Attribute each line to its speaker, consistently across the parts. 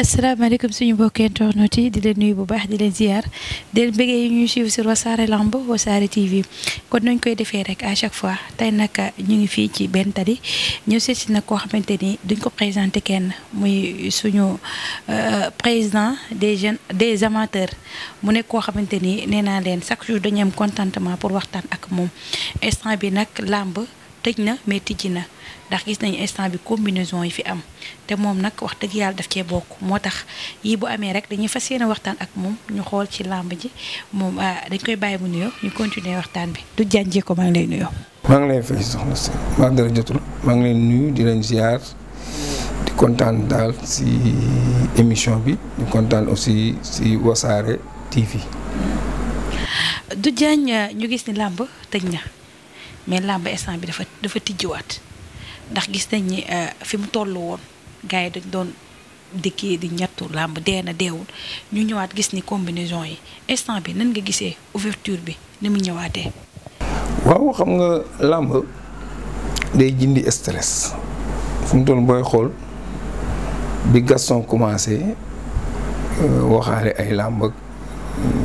Speaker 1: asalaamaaleykum suñu mbokki internet yi di leen nuyu bu baax di leen ziar di leen bëggee yi ñuy suivre sur wasaare lamb wasaare TV kon nañ koy defee rek à chaque fois tey nag ñu ngi fii ci benn tali ñu seet si nag koo xamante ni duñ ko présenté kenn muy suñu euh, président des jeunes des amateurs mu nekk koo xamante ni nee naa leen chaque jour dañu am contentement pour waxtaan ak moom instant bi nag lamb tëj na mais tijji na. ndax gis nañu instant bi combinaison yi fi am te moom nag wax dëgg yàlla daf cee bokk moo tax yii bu amee rek dañuy fas yéene waxtaan ak moom ñu xool ci làmb ji moom ah, dañ koy bàyyi mu nuyoo ñu continuer waxtaan bi du jànjee ko maa ngi lay nuyoo.
Speaker 2: maa ngi jotul maa ngi lay nuyu di leen ziar di bi di kontaan aussi si wasaare
Speaker 1: du jàng ñu gis ni làmb tëj na mais làmb instant bi dafa dafa tijjiwaat ndax gis nañ ni euh, fi mu toll woon gars yi dañ doon dikkee di ñettu làmb dee na deewul ñu ñëwaat gis ni combinaison yi instant bi nan nga gisee ouverture bi ni mu ñëwaatee.
Speaker 2: waaw xam nga làmb day jindi stress fi mu booy xool bi Gaston commencé euh, waxaale ay làmb ak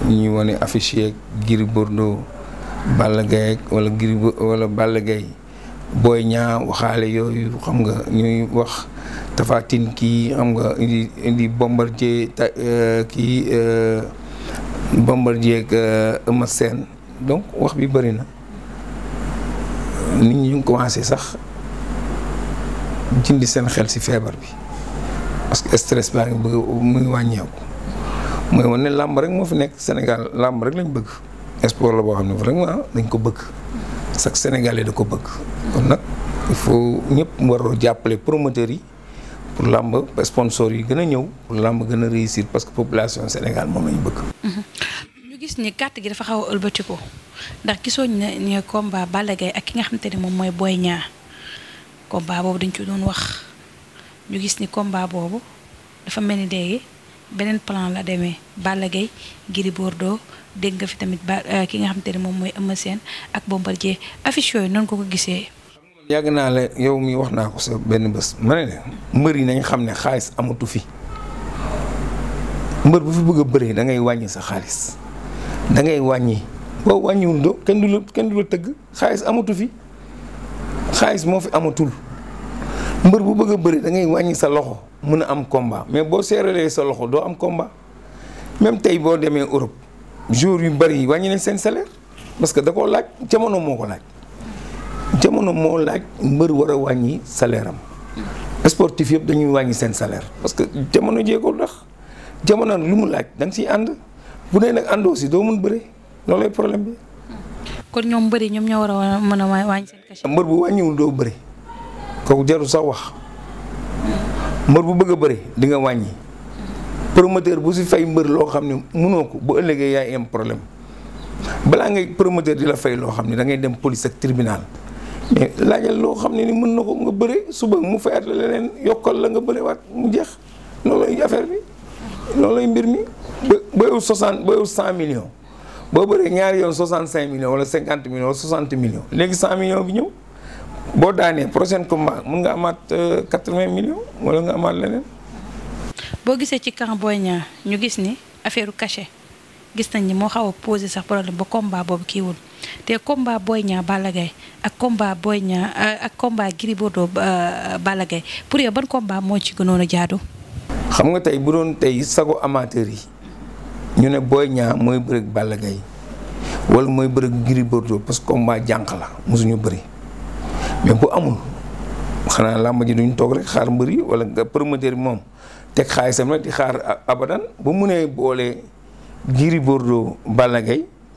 Speaker 2: ñuy wane affiche yeeg Gris Bordeaux Balla Gaye wala Gris wala Balla Gaye booy ñaa waxaale yooyu xam nga ñuy wax tafatin kii xam nga indi indi bombardier ta euh, kii euh, bombardier ak euh, Eumeu Sène donc wax bi bëri na nit ñu ngi commencé sax jindi seen xel ci feebar bi parce que stress baa ngi bëgg muy wàññeeku mooy wane ne làmb rek moo fi nekk Sénégal làmb rek lañ bëgg sport la boo xam ne vraiment dañ ko bëgg sax sénégalais da ko bëgg kon nag il faut ñëpp waroo jàppale promoteurs yi pour làmb sponsor yi gën a ñëw pour làmb gën a réussir parce que population Sénégal moom lañu bëgg
Speaker 1: mm-hmm. ñu gis ni carte gi dafa xaw a ëlbatiko ndax gisoo ñu ne combat Balla Gaye ak ki nga xamante ne moom mooy booy ñaar combat boobu dañ ci doon wax ñu gis ni combat boobu dafa mel ni léegi beneen plan la demee Balla Gaye Gris Bordeaux dégg nga fi tamit ba euh, ki nga xamante ne moom mooy Eumeu Sène ak Bombardier affiche yooyu noonu ko ko gisee.
Speaker 2: yàgg naa la yow mi wax naa ko sa benn bés ma ne mbër yi nañ xam ne xaalis amatu fi mbër bu fi bëgg a bëree da ngay wàññi sa xaalis da ngay wàññi boo wàññiwul doo kenn du la kenn du la tëgg xaalis amatu fi xaalis moo fi amatul mbër bu bëgg a bëri da ngay wàññi sa loxo. mën a am combat mais boo seeralee sa loxo doo am komba même tey boo demee Europe jour yu bëri wàññi ne seen salaire parce que da koo laaj jamono moo ko laaj jamono moo laaj mbër war a wàññi salaire am sportif yëpp dañuy wàññi seen salaire parce que jamono jee ko ndax jamono lu mu laaj da si siy ànd bu dee nag àndoo si doo mun bëre loolay problème bi.
Speaker 1: kon ñoom bëri ñoom ñoo war a mën a wàññi seen
Speaker 2: cachet. mbër bu wàññiwul doo bëri kooku jarul sax wax. mbër bu bëgg a bëri di nga wàññi promoteur bu si fay mbër loo xam ne mënoo ko bu ëllëgee yaay am problème balaa ngay promoteur di la fay loo xam ne da ngay dem police ak tribunal mais laajal loo xam ne ni mën na ko nga bëre suba mu fayaat la leneen yokkal la nga bëre waat mu jeex loolu lay affaire bi loolu ay mbir mi ba ba yow soixante ba yow cent millions boo bëree ñaari yoon soixante cinq millions wala cinquante millions wala léegi cent millions bi ñëw boo daanee prochain combat mun nga amaat 80 euh, millions wala nga amaat leneen.
Speaker 1: boo gisee ci camp Boy Niang ñu gis ni affaire cachet gis nañ ni moo xaw a posé sax problème ba combat boobu kiiwul te combat Boy Niang Balla ak combat Boy Niang euh, ak combat Gris Bordeaux euh, Balla pour yow ban combat moo ci gënoon jaadu.
Speaker 2: xam nga tey bu doon tey sago amateur yi ñu ne Boy Niang mooy bëreeg Balla Gaye wala mooy bëreeg Gris Bordeaux parce que combat jànq la mosuñu bëri. mais bu amul xanaa làmb ji duñ toog rek xaar mbër yi wala nga promoteur bi moom teg xaalisam rek di xaar abadan bu munee boole Gris Bordeaux Balla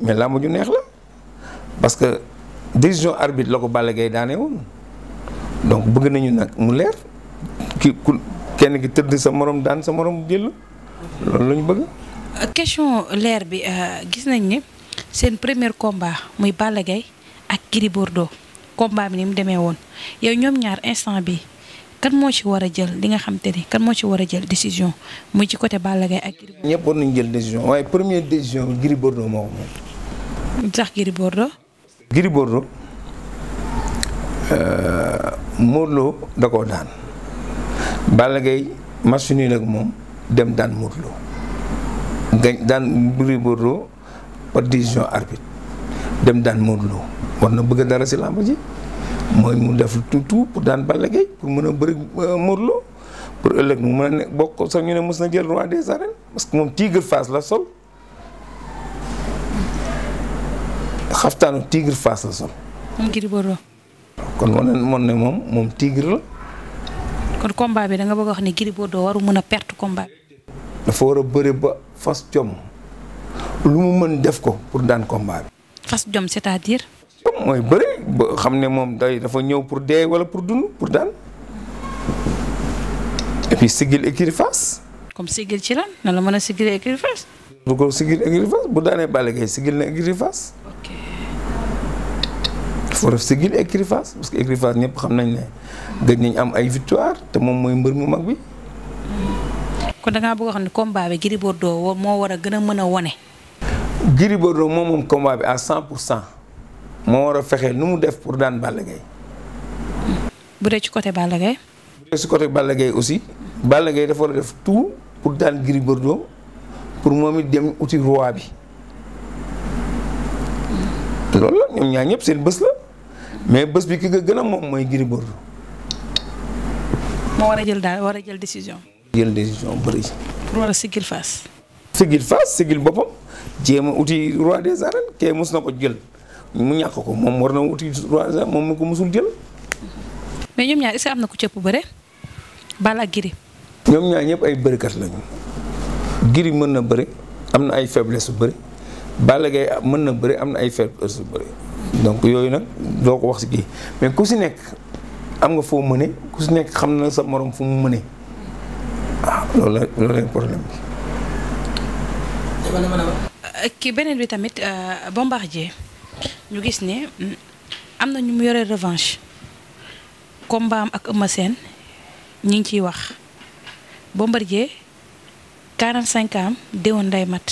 Speaker 2: mais làmb ju neex la parce que décision arbitre la ko Balla Gaye daanee woon donc bëgg nañu nag mu leer ki kenn ki tëdd sa morom daan sa morom jël loolu la ñu bëgg.
Speaker 1: question leer bi euh, gis nañ ni seen premier combat muy Balla ak Gris Bordeaux combat bi ni mu demee woon yow ñoom ñaar instant bi kan moo ci war a jël li nga xam te ni kan moo ci war a jël décision muy ci côté Balla Gaye ak.
Speaker 2: ñëpp war nañu jël décision waaye première décision Gris Bordeaux moo ko
Speaker 1: moom. sax Gris Bordeaux.
Speaker 2: Gris Bordeaux euh, Modou da koo daan Balla machine match nul moom dem daan Modou daan Gris Bordeaux par décision arbitre dem daan Modou war na bëgg dara si làmb ji mooy mu def tout tout pour daan Balla pour mën a bëri euh, Modou pour ëllëg mu mën a ne bokk sax ñu ne mos na jël roi des arènes parce que moom tigre face la sol xaftaanu tigre face la sol. ngir bëroo. kon wane moon ne moom moom tigre la.
Speaker 1: kon combat bi da nga bëgg wax ne Gris Bordeaux waru mën a perte combat bi.
Speaker 2: dafa war a bëri ba fas jom lu mu mën def ko pour daan combat bi.
Speaker 1: fas jom c'est-à-dire.
Speaker 2: mooy bëri ba xam ne moom day dafa ñëw pour dee wala pour dund pour daan et puis sigil écurie
Speaker 1: comme sigil ci la nan la mën a sigil écurie Fass.
Speaker 2: bu bu daanee Balla Gaye sigil na écurie Fass. ok dafa def parce que écurie Fass ñëpp xam nañ ne gëj nañ am ay victoire te moom mooy mbër mu mag bi.
Speaker 1: kon da ngaa bëgg xam ne combat bi Gris Bordeaux moo war a gën a mën a wone.
Speaker 2: Gris Bordeaux moom moom combat bi à 100 pour 100. moo war a fexee nu mu def pour daan Balla Gaye
Speaker 1: bu dee ci côté Balla Gaye
Speaker 2: côté Balla aussi Balla gay dafa war a def tout pour daan Gris Bordeaux pour moom it dem uti roi bi loolu la ñoom ñaar ñëpp seen bés la mais bës bi ki nga gën a moom mooy Gris Bordeaux
Speaker 1: moo war a jël daal war a jël décision.
Speaker 2: jël décision bëri.
Speaker 1: pour war a sigil face.
Speaker 2: sigil face sigil boppam jéem uti roi des arènes kee mos na ko jël. mu ñàkk ko moom war na wuti moom mu ko musul jël.
Speaker 1: mais ñoom ñaar est am na ku cëpp bëre Balla ak Gris.
Speaker 2: ñoom ñaar ñëpp ay bërikat lañu Gris mën na bëri am na ay faiblesse su bëri Balla Gaye mën na bëri am na ay faiblesse su bëri donc yooyu nag doo ko wax si kii mais ku si nekk am nga foo mëne ku si nekk xam na sa moroom fu mu mëne waaw ah, loolu la loolu bi.
Speaker 1: Euh, ki beneen bi tamit euh, Bombardier ñu gis ne mm, am na ñu mu yore revanche combat am ak Eumeu Sène ñi ngi ciy wax Bombardier 45 am déwoon nday mat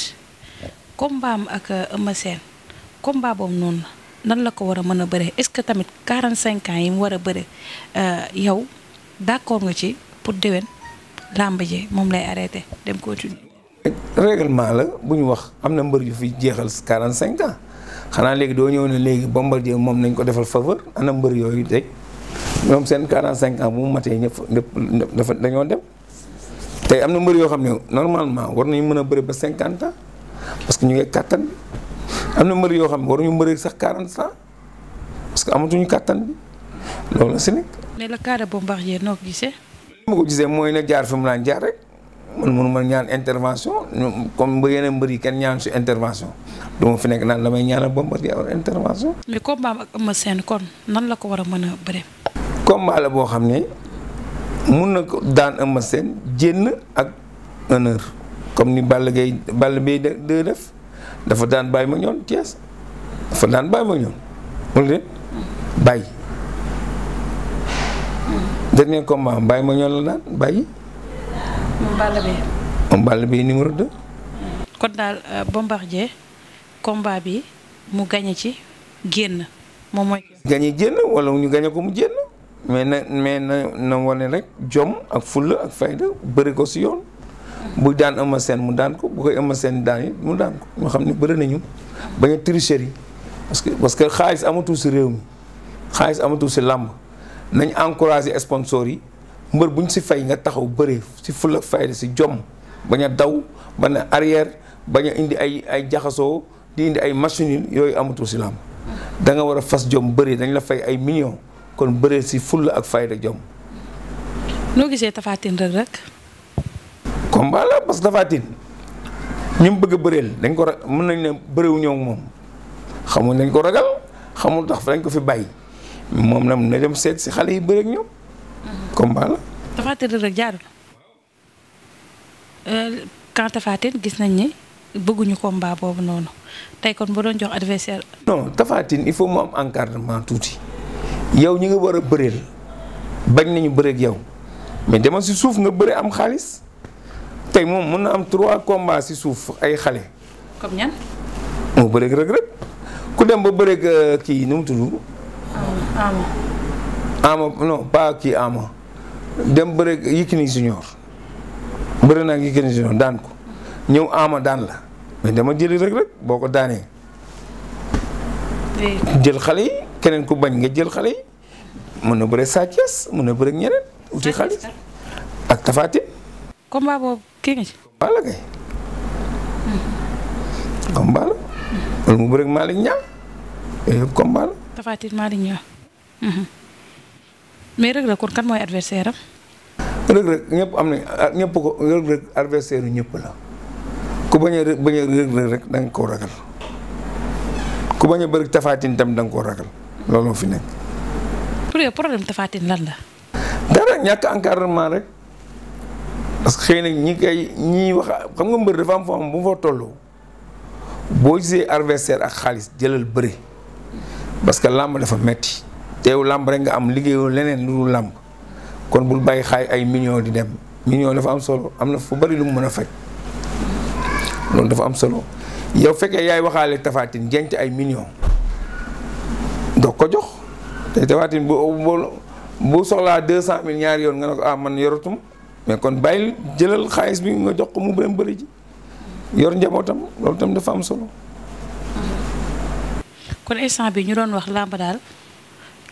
Speaker 1: combat mbaam ak euh, Eumeu Sène combat boobu noonu nan la ko war a mën a bëre est-ce que tamit 45 ans yi mu war a bëre euh, yow d'accord nga ci pour déwén làmb ji moom lay arrêté
Speaker 2: dem continuer. règlement la bu ñu wax am na mbër yu fi jeexal 45 ans. xanaa léegi doo ñëwoon ne léegi Bombardier moom nañ ko defal faveur ana mbër yooyu rek ñoom seen 45 ans bu mu matee ñëpp ñëpp dafa dañoo am na mbër yoo xam ne normalement war nañu mën a bëri ba 50 ans parce que ñu ngi kàttan bi am na mbër yoo xam ne waruñu mbëri sax quarante ans parce que amatuñu kàttan bi loolu si nekk.
Speaker 1: mais le cas de Bombardier noo ko
Speaker 2: gisee. mooy na jaar fi mu naan jaar rek. man mënuma ñaan intervention comme ba yeneen mbër yi kenn ñaan si intervention du fi nekk naan damay ñaanal Bombardier intervention.
Speaker 1: mais combat am ak Eumeu Sène kon nan la ko war a mën a bëree.
Speaker 2: combat la boo xam ne mun na ko daan Eumeu Sène jénn ak honneur comme ni Balla Gaye Balla Gaye de def dafa daan bàyyi ma ñoon Thiès dafa daan bàyyi ma ñoon mun de bàyyi dernier combat bàyyi ma ñoon la daan bàyyi. moom Balla Gaye. moom Balla
Speaker 1: kon daal euh, Bombardier combat bi mu gañe ci génn moom mooy.
Speaker 2: gañe génn wala ñu gañe ko mu génn mais na mais na wane rek jom ak fulla ak fayda bëri ko si yoon. bu daan Eumeu seen mu daan ko bu koy Eumeu Sène daan it mu daan ko ñu xam ne bëri nañu bañ a tricherie parce que parce que xaalis amatul si réew mi xaalis amatul si làmb nañ encouragé sponsor yi. mbër bu ñu si fay nga taxaw bëri si fulla fayda si jom bañ a daw bañ a arrière bañ a indi ay ay jaxasoo di indi ay machines yooyu amatul si lamb da nga war a fas jom bëri dañ la fay ay millions kon bëree si fulla ak fayda jom.
Speaker 1: noo gisee Tapha Tine Reug Reug.
Speaker 2: combat la parce que Tapha Tine ñi mu bëgg a bëreel dañ ko mën nañ ne bëriwu ñëw moom xamul dañ ko ragal xamul tax fa dañ ko fi bàyyi moom nag na dem seet si xale yi bëreeg ñoom. combat la.
Speaker 1: Tapha euh, gis nañ ni bëgguñu combat boobu noonu tey kon ba doon jox adversaire.
Speaker 2: non Tapha il faut mu am encadrement tuuti yow ñu ngi war a bëreel bañ nañu bëreeg yow mais demal si suuf nga bëri am xaalis tey moom mun na am trois combats si suuf ay xale. comme ñan. mu bëreeg Reug ku dem ba bëreeg euh, kii nu mu tudd. ama ama non kii ama. dem bëre Yékini Junior bëre naa ak Yékini daan ko ñëw ama daan la mais dama jëli rek rek boo ko daanee jël xale yi keneen ku bañ nga jël xale yi mën na bëre Sa Thiès mën na bëre ak ñeneen uti xale ak Tapha Tine
Speaker 1: boobu kii ngi ci
Speaker 2: combat la mu bëre ak Malick yooyu
Speaker 1: yëpp combat la Tapha Tine mais Reug Reug kon kan mooy adversaire am.
Speaker 2: Reug Reug am nañ ah, ñëpp ko Reug Reug adversaire yu ñëpp la ku bañ a bañ a Reug Reug ko da ragal ku bañ a bëri tafaatin tam da ko koo ragal looloo fi nekk.
Speaker 1: pour yow problème tafaatin lan la.
Speaker 2: dara ñàkk encadrement rek parce que xëy na ñi koy ñiy wax xam nga mbër dafa am foo xam bu fa tolloo boo gisee adversaire ak xaalis jëlal bëri parce que làmb dafa metti te làmb rek nga am liggéeyoo leneen lu dul làmb kon bul bàyyi xaay ay millions di dem millions dafa am solo am na fu bari lu mu mën a faj loolu dafa am solo yow fekkee yaay waxaale tafaatin jent ay million doog ko jox te tafaatin bu bu soxlaa deux cent mille ñaari yoon nga ne ko ah man yoratum mais kon bàyyil jëlal xaalis bi nga jox ko mu bari bëri ji yor njabootam loolu tam dafa am solo.
Speaker 1: kon instant bi ñu doon wax làmb daal.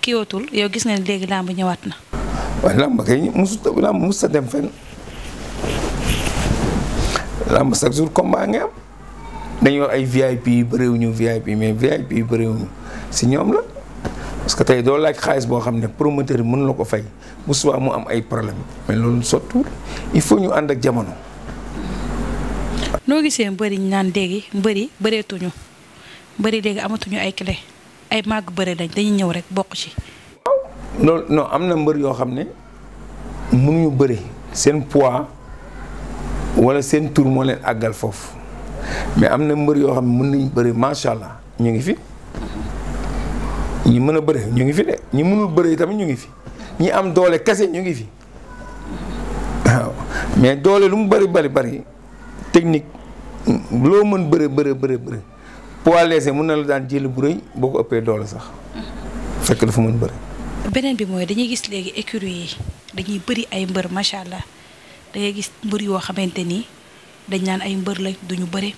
Speaker 1: kiiwatul yow gis nga ne léegi làmb ñëwaat
Speaker 2: na. waaye làmb kay mosut a dem fenn làmb chaque jour combat nga am dañu yor ay VIP yu bëriwuñu VIP mais VIP yu bëriwuñu si ñoom la. parce que tey doo laaj xaalis boo xam ne promoteur yi mën la ko fay bu subaa mu am ay problème mais loolu sottul il faut ñu ànd ak jamono.
Speaker 1: noo gisee mbëri ñu naan léegi mbëri bëreetuñu mbëri léegi amatuñu ay clé. ay màgg bëre dañ dañuy ñëw rek bokk ci.
Speaker 2: loolu non am na mbër yoo xam ne ñu bëri seen poids wala seen tour moo leen àggal foofu mais am na mbër yoo xam ne mën nañu bëri macha allah ñu ngi fi. ñi mën a bëre ñu ngi fi de ñi mënul bëre tamit ñu ngi fi ñi am doole kese ñu ngi fi waaw mais doole lu mu bari bari bëri technique loo mën bëre bëre bëre bëre. poids léger mun na la daan jël bu rëy boo ko ëppee doole sax fekk dafa mën bëri.
Speaker 1: beneen bi mooy dañuy gis léegi écurie yi dañuy bëri ay mbër macha allah da gis mbër yoo xamante ni dañ naan ay mbër la duñu bëre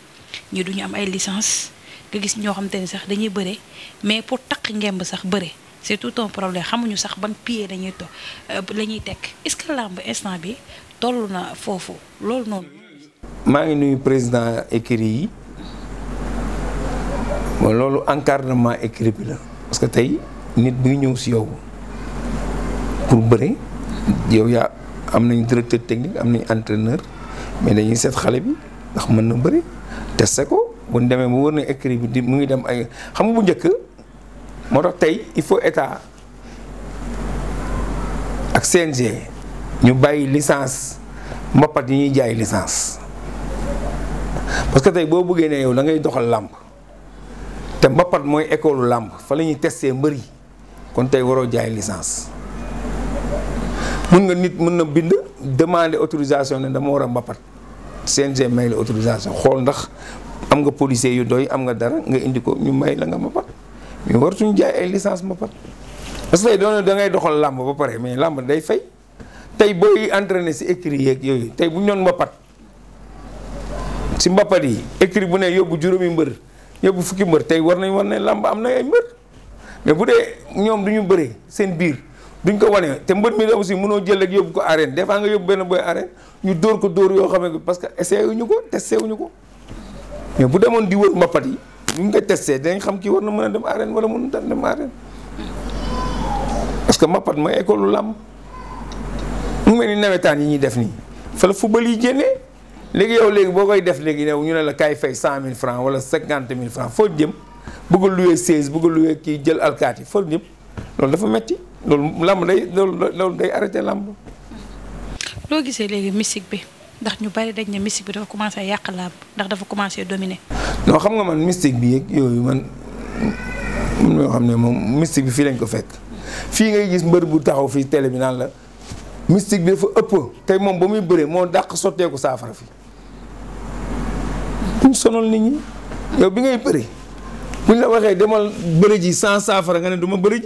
Speaker 1: ñi duñu am ay licence nga gis ñoo xamante ni sax dañuy bëre mais pour takk ngemb sax bëre surtout ton un problème xamuñu sax ban pied lañuy to euh, la ñuy teg est-ce que làmb instant bi toll na foofu loolu noonu.
Speaker 2: maa ngi nuyu président écurie yi. loolu encare encadrement écrit bi la parce que tey nit buy ñëw si yow pour bëri yow yaa am nañu directeur technique am nañu entraîneur mais dañuy seet xale bi ndax mën na bëri te ko bu ñu demee bu wër na écrit bi di mu ngi dem ay xam bu njëkk moo tax tey il faut état ak CNG ñu bàyyi licence mbapat yi ñuy jaay licence parce que tey boo bëggee ne yow da ngay doxal làmb te mbappat mooy école làmb fa la ñuy testé mbër yi kon tey waroo jaay licence mën nga nit mun na bind demande autorisation ne dama war a mbappat CNG may la autorisation xool ndax am nga policier yu doy am nga dara nga indi ko ñu may la nga mbappat mais waratuñu jaay ay licence mbappat parce que doon da ngay doxal làmb ba pare mais làmb day fay tey booy entraîné si écrit yeeg yooyu tey bu ñu doon mbappat si mbappat yi écrit bu ne yóbbu juróomi mbër. yóbbu fukki mbër tey war nañ war ne làmb am na ay mbër mais bu dee ñoom du ñu bëri seen biir duñ ko wane te mbër mi aussi mënoo jël rek yóbbu ko arène des fois nga yóbbu benn boy arène ñu dóor ko dóor yoo xam ne parce que essayé wuñu ko testé wuñu ko bu demoon di wër mbapat yi ñu ngi koy testé xam kii war na mën a dem arène wala mënul dem arène parce que mbapat mooy école làmb mu mel ni nawetaan yi ñuy def nii fa la yi génnee léegi yow léegi boo koy def léegi new ñu ne la kaay fay cent mille francs wala cinquante mille francs foo jëm bëgg a loué seize bëgg a loué kii jël alkaati foo jëm loolu dafa metti loolu làmb day loolu day arrêté làmb.
Speaker 1: loo gisee léegi mystique bi ndax ñu bari dañ ne mystique bi dafa commencé yàq làmb ndax dafa commencé dominer.
Speaker 2: non xam nga man mystique bi yeeg yooyu man man yoo xam ne moom mystique bi fii lañ ko fekk fii ngay gis mbër bu taxaw fii télé bi naan la mystique bi dafa ëpp tey moom ba muy bëree moo dàq sotteeku saafara fi buñ sonal nit ñi yow bi ngay bëri buñ la waxee demal bëri ji sans saafara nga ne du ma bëri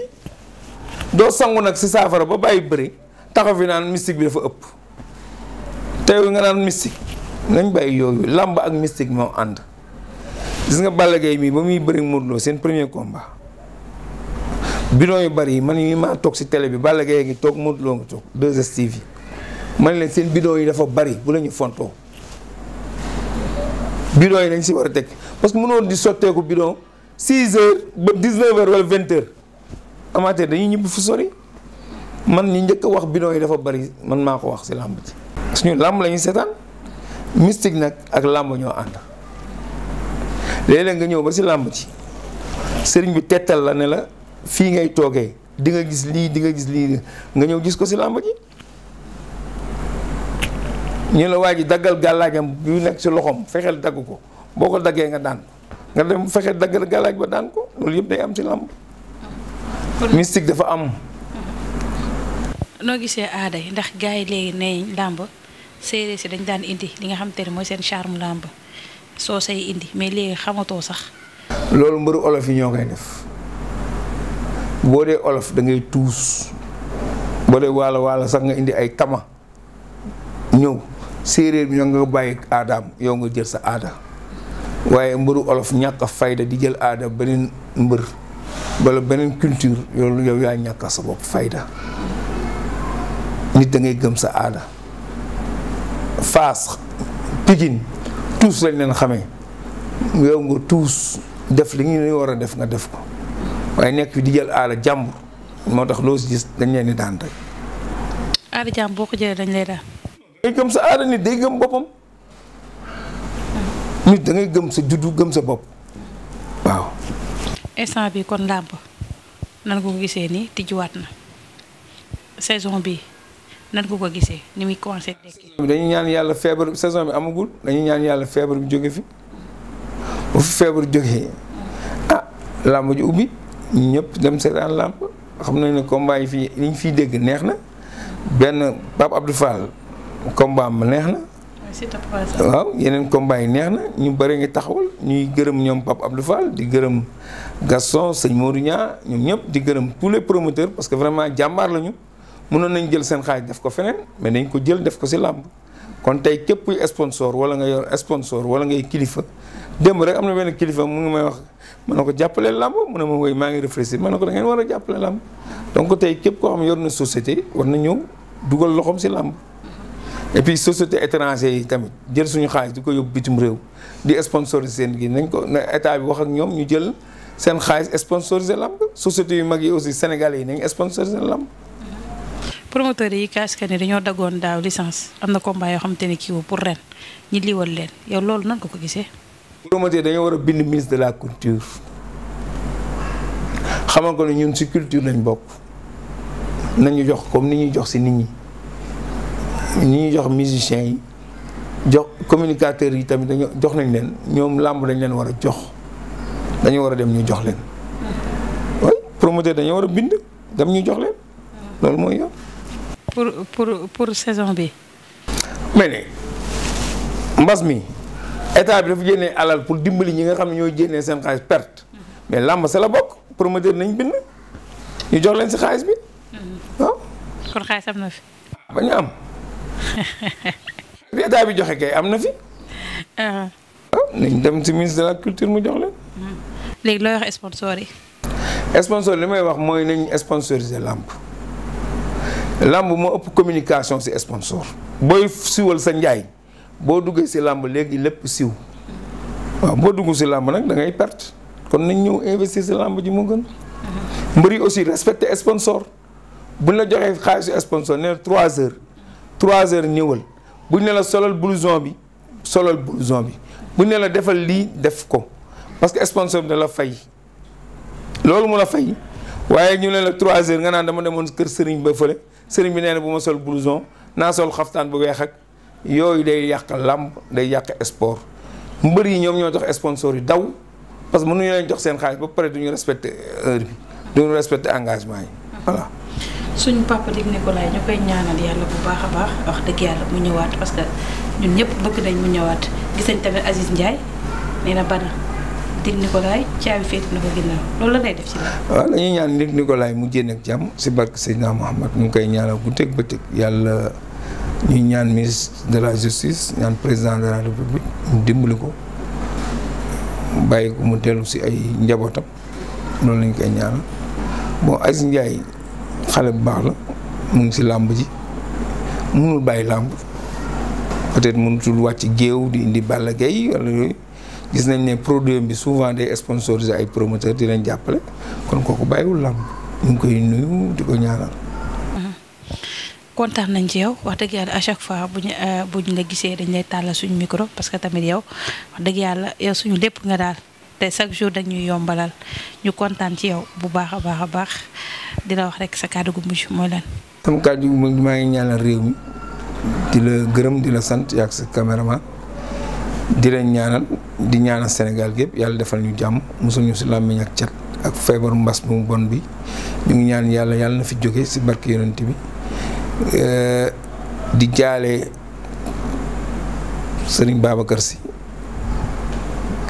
Speaker 2: doo sangu nag si saafara ba bàyyi bëri taxaw fi naan mystique bi dafa ëpp tey nga naan mystique nañ bàyyi yooyu làmb ak mystique moo ànd gis nga Balla Gaye mii ba muy bëri Modou seen premier combat bidon yu bari yi man mii maa toog si télé bi bàll Gaye ngi toog Modou Lo nga toog 2STV man leen seen bidon yi dafa bari bu la ñu fontoo bidon yi dañ si war a teg parce que mënoon di sotteeku bidon 6 heures ba 19 heures wala 20 heures amateur fu sori man ñu njëkk wax bidon yi dafa bari man maa ko wax si làmb ji suñu làmb lañuy ñuy seetaan mystique nag ak làmb ñoo ànd léeg nga ñëw ba si làmb ci sëriñ bi tettal la ne la fii ngay toogee di nga gis lii di nga gis lii nga ñëw gis ko si làmb ci ñu la waa ji daggal gàllaajam yu nekk si loxoom fexeel dagg ko boo ko daggee nga daan nga dem fexe daggal gàllaaj ba daan ko loolu yëpp day am si làmb mystique dafa am
Speaker 1: noo gisee aada yi ndax gaay yi léegi nee làmb séeréer si dañ daan indi li nga xam te ne mooy seen charme làmb soo say indi mais léegi xamatoo sax
Speaker 2: loolu mbëru olof yi ñoo koy def boo dee olof da ngay tuus boo dee waalo waalo sax nga indi ay tama ñëw séeréer bi ñoo nga bàyyi aadaam yow nga jël sa aada waaye mbëru olof ñàkk fayda di jël aada beneen mbër wala beneen culture yow yow yaa ñàkk sa bopp fayda nit da ngay gëm sa aada faas pikin tuus lañ leen xame yow nga tuus def li ñu war a def nga def ko waaye nekk fi di jël aada jàmbur moo tax loo si dañ leen di daan
Speaker 1: aada jàmbur boo ko jëlee dañ lay daan.
Speaker 2: day gëm sa aada nit day gëm boppam nit da gëm sa juddu gëm sa bopp waaw.
Speaker 1: instant bi kon làmb nan ko gisee nii tijjiwaat na saison bi nan ko ko gisee ni muy commencé.
Speaker 2: dañuy ñaan yàlla feebar saison bi amagul dañuy ñaan yàlla feebar bi jóge fi bu fi feebar jógee ah làmb ji ubbi ñëpp dem seetaan làmb xam nañ ne combat yi fii li ñu fiy dégg neex na benn Pape Abdou Fall combat am neex na. waaw yeneen combat neex na ñu bëri ngi taxawal ñuy gërëm ñoom Pape Abdou Fall di gërëm Gaston sëñ Modou Niang ñoom ñëpp di gërëm tous les promoteurs parce que vraiment jàmbaar lañu mënoon nañ jël seen xaalis def ko feneen mais dañ ko jël def ko si làmb kon tey képp kuy sponsor wala nga yor sponsor wala ngay kilifa démb rek am na benn kilifa mu ngi may wax mën ne ko jàppale làmb mu ne ma woy maa ngi réfléchir ma ne ko da ngeen war a jàppale làmb donc tey képp koo xam yor na société war na ñëw dugal loxoom si làmb et puis société étranger yi tamit jël suñu xaalis di ko yóbbu bitim réew di sponsoriser seen gi nañ ko na état bi wax ak ñoom ñu jël seen xaalis sponsoriser lamb société yu mag yi aussi sénégalais yi nañ sponsoriser lamb
Speaker 1: promoteurs yi casque ne dañoo daggoon daaw licence am na combat yoo xamante ne kii wu pour ren ñi liwal leen yow loolu nan ko ko gisee.
Speaker 2: promoteurs dañoo war a bind ministre de la culture xamal ko ne ñun ci culture lañ bokk nañu jox comme ni ñuy jox ci nit ñi. ñi ñuy jox musiciens yi jox communicateurs yi tamit dañu jox nañ leen ñoom làmb dañ leen war a jox dañu war a dem ñu jox leen oui promoteur dañu war a bind dem ñu jox leen loolu mooy yoon.
Speaker 1: pour pour pour bi.
Speaker 2: mais ne mbas mi état bi dafa génnee alal pour dimbali ñi nga xam ñoo génnee seen perte mais làmb sa la bokk promoteur nañ bind jox leen si xaalis bi mm-hmm. ah.
Speaker 1: kon xaalis am na fi.
Speaker 2: ba am. li état bi joxe kay am na fi.
Speaker 1: Uh-huh.
Speaker 2: ah nañ dem si ministre de la culture mu jox la
Speaker 1: mm-hmm. léegi looy wax sponsor yi.
Speaker 2: sponsor li may wax mooy nañ sponsoriser làmb làmb moo ëpp communication si sponsor booy siwal sa njaay boo duggee si làmb léegi lépp siw mm-hmm. waaw boo dugg si làmb nag dangay ngay perte kon nañ ñëw investir si làmb ji moo gën. Mm-hmm. mbër yi aussi respecter sponsor bu la joxee xaalisu sponsor nee trois 3 heures. trois heures ñëwal bu buñ ne la solal blouson bi solal blouson bi buñ ne la defal lii def ko parce que sponsor bi da la fay loolu mu la fay waaye ñu ne la trois heures nga naan dama demoon kër sëriñ ba fële sëriñ bi nee na bu ma sol blouson naa sol xaftaan bu weex ak yooyu day yàq làmb day yàq sport mbër yi ñoom ñoo tax sponsor yi daw parce que mënuñu leen jox seen xaalis ba pare duñu respecté heure bi duñu respecté engagement yi voilà
Speaker 1: suñu papa Luc Nicolaï ñu koy ñaanal yàlla bu baax a baax wax dëgg yàlla mu ñëwaat parce que ñun ñëpp bëgg nañ mu ñëwaat gis nañ tamit Aziz Ndiaye nee na bana Luc Nicolaï caabi féete na ko ginnaaw la lay def ci la.
Speaker 2: waaw dañuy mu génn ak ñu ngi koy ñaanal guddeeg bëccëg yàlla ñuy ñaan ministre de la justice ñaan président de la république mu dimbali ko mu bàyyi si ay njabootam loolu lañ koy ñaanal xale bu baax la mu ngi ci làmb ji munul bàyyi làmb peut-être mënutul wàcc géew di indi Balla Gaye wala yooyu gis nañ ne produit bi souvent day sponsoriser ay promoteur di lañ jàppale kon kooku bàyyiwul làmb ñu ngi koy nuyu di ko ñaanal.
Speaker 1: kontaan nañ ci yow wax dëgg yàlla à chaque fois bu ñu euh, bu ñu gisee dañ lay tàllal suñu micro parce que tamit yow dëgg yàlla yow lépp nga daal te chaque jour dañuy yombalal ñu kontaan ci yow bu baax a baax a baax. di la wax rek sa kàddu gu mujj mooy lan.
Speaker 2: maa ngi ñaanal réew mi di la gërëm di la sant yaak sa caméraman di leen ñaanal di ñaanal Sénégal gépp yàlla defal ñu jàmm mosul ñu si làmmiñ ak cat ak feebaru mbas mu bon bi ñu ngi ñaan yàlla yàlla na fi jóge si barke yonent bi di jaale Serigne Babacar Sy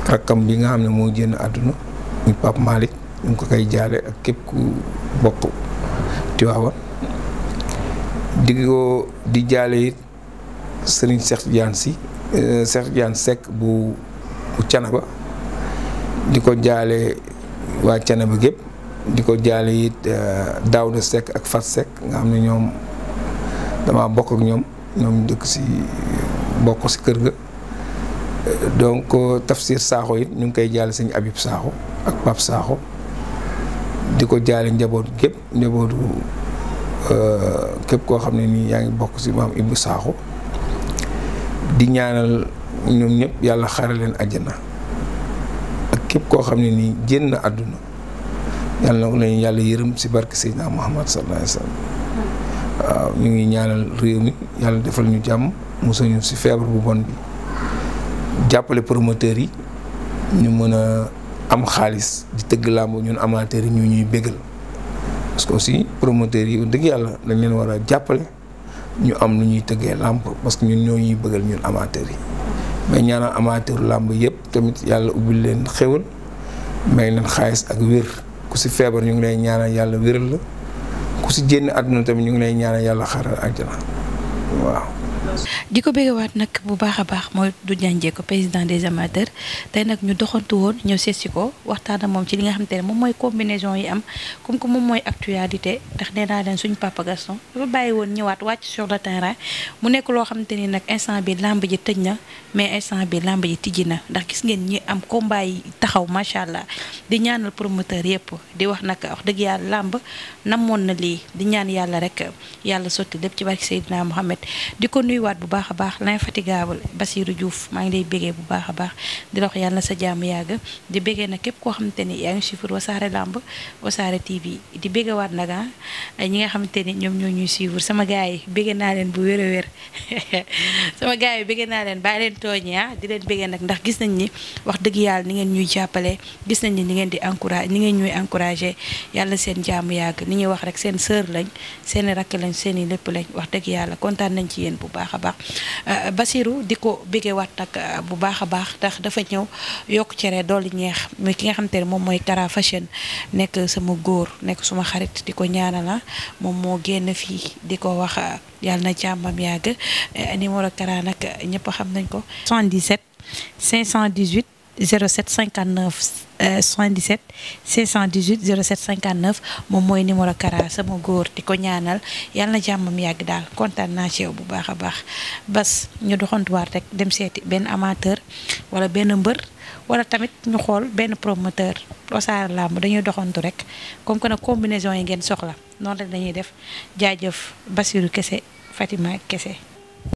Speaker 2: rakkam bi nga xam ne moo génn àdduna muy Pape Malick ñu ngi ko koy jaale ak képp ku bokk Tiwaawan di di jaale it sëriñ Cheikh si euh, Cheikh Diagne Seck bu bu Canaba di ko jaale waa Canaba gépp di ko jaale it euh, Daouda Seck ak Fat Seck nga am ne ñoom dama bokk ak ñoom ñoom dëkk si bokk si kër ga euh, donc Tafsir Sakho it ñu ngi koy jaale sëñ Habib Sakho ak Pape Sakho di ko jaale njaboot képp njabootu euh, képp koo xam ne nii yaa ngi bokk si maam Ibou Sakho di ñaanal ñoom ñëpp yàlla xare leen àjjana ak képp koo xam ne nii jën na àdduna yàlla na yàlla yërëm si barke Seydina Muhammad sallallahu alayhi wa sallam waaw ñu ngi ñaanal réew mi yàlla defal ñu jàmm musañu si feebar bu bon bi jàppale promoteurs yi ñu mën a am xaalis di tëgg làmb ñun amateurs yi ñu ñuy bégal parce aussi promoteurs yi u dëgg yàlla dañ leen war a jàppale ñu am lu ñuy tëggee làmb parce que ñun ñoo ñuy bëggal ñun amateurs yi mais ñaanal amateur làmb yëpp tamit yàlla ubbil leen xéwal may leen xaalis ak wér ku si feebar ñu ngi lay ñaanal yàlla wéral la ku si génn àdduna tamit ñu ngi lay ñaanal yàlla xaaral àjjana waaw
Speaker 1: di ko bëggewaat nag bu baax a baax mooy Doudou Diagne Diécko président des amateurs tey nag ñu doxantu woon ñëw seetsi ko waxtaan ak moom ci li nga xam te ne moom mooy combinaison yi am comme que moom mooy actualité ndax nee naa leen suñu papa Gaston dafa bàyyi woon ñëwaat wàcc sur le terrain mu nekk loo xam ni nag instant bi lamb ji tëj na mais instant bi lamb ji tijji na ndax gis ngeen ñi am combat yi taxaw macha allah di ñaanal promoteur yëpp di wax nag wax dëgg yàlla lamb namoon na lii di ñaan yàlla rek yàlla sotti lépp ci barke Seydina Mohamed nuyuwaat bu baax a baax l'infatigable Basirou Diouf maa ngi lay bégee bu baax a baax di la wax yàlla na sa jàmm yàgg di bégee nag képp koo xamante ni yaa ngi suivre wasaare làmb wasaare TV di bégewaat nag ah ñoom ñoo ñuy suivre sama gars yi bégee naa leen bu wér a wér sama gars yi bégee naa leen bàyyi leen tooñi ah di leen nag ndax gis nañ ni wax dëgg yàlla ni ngeen ñuy jàppale gis nañ ni ni ngeen di encouragé ni ngeen ñuy encouragé yàlla seen jàmm yàgg ni ñuy wax rek seen sœur lañ seen rakk lañ seen i lépp lañ wax dëgg yàlla kontaan nañ ci yéen bu baax baax a baax euh, Basirou di ko bégewaat nag euh, bu baax a baax ndax dafa ñëw yokk cere dolli ñeex muy ki nga xam te ne moom mooy Kara Fashion nekk sama góor nekk suma xarit di ko ñaanala moom moo génn fii di ko wax euh, yàlla na jàmmam yàgg numéro Kara nag ñëpp xam nañ ko 77 07 59 77 618 07 59 moom mooy numéro Kara sama góor di ko ñaanal yàlla na jàmmam yàgg daal kontaan naa ci bu baax a baax bas ñu doxantuwaat rek dem seeti benn amateur wala benn mbër wala tamit ñu xool benn promoteur Wassare Lamb dañuy doxantu rek comme que nag combinaison yi ngeen soxla noonu rek dañuy def jaajëf Basirou Kese Fatima Kese.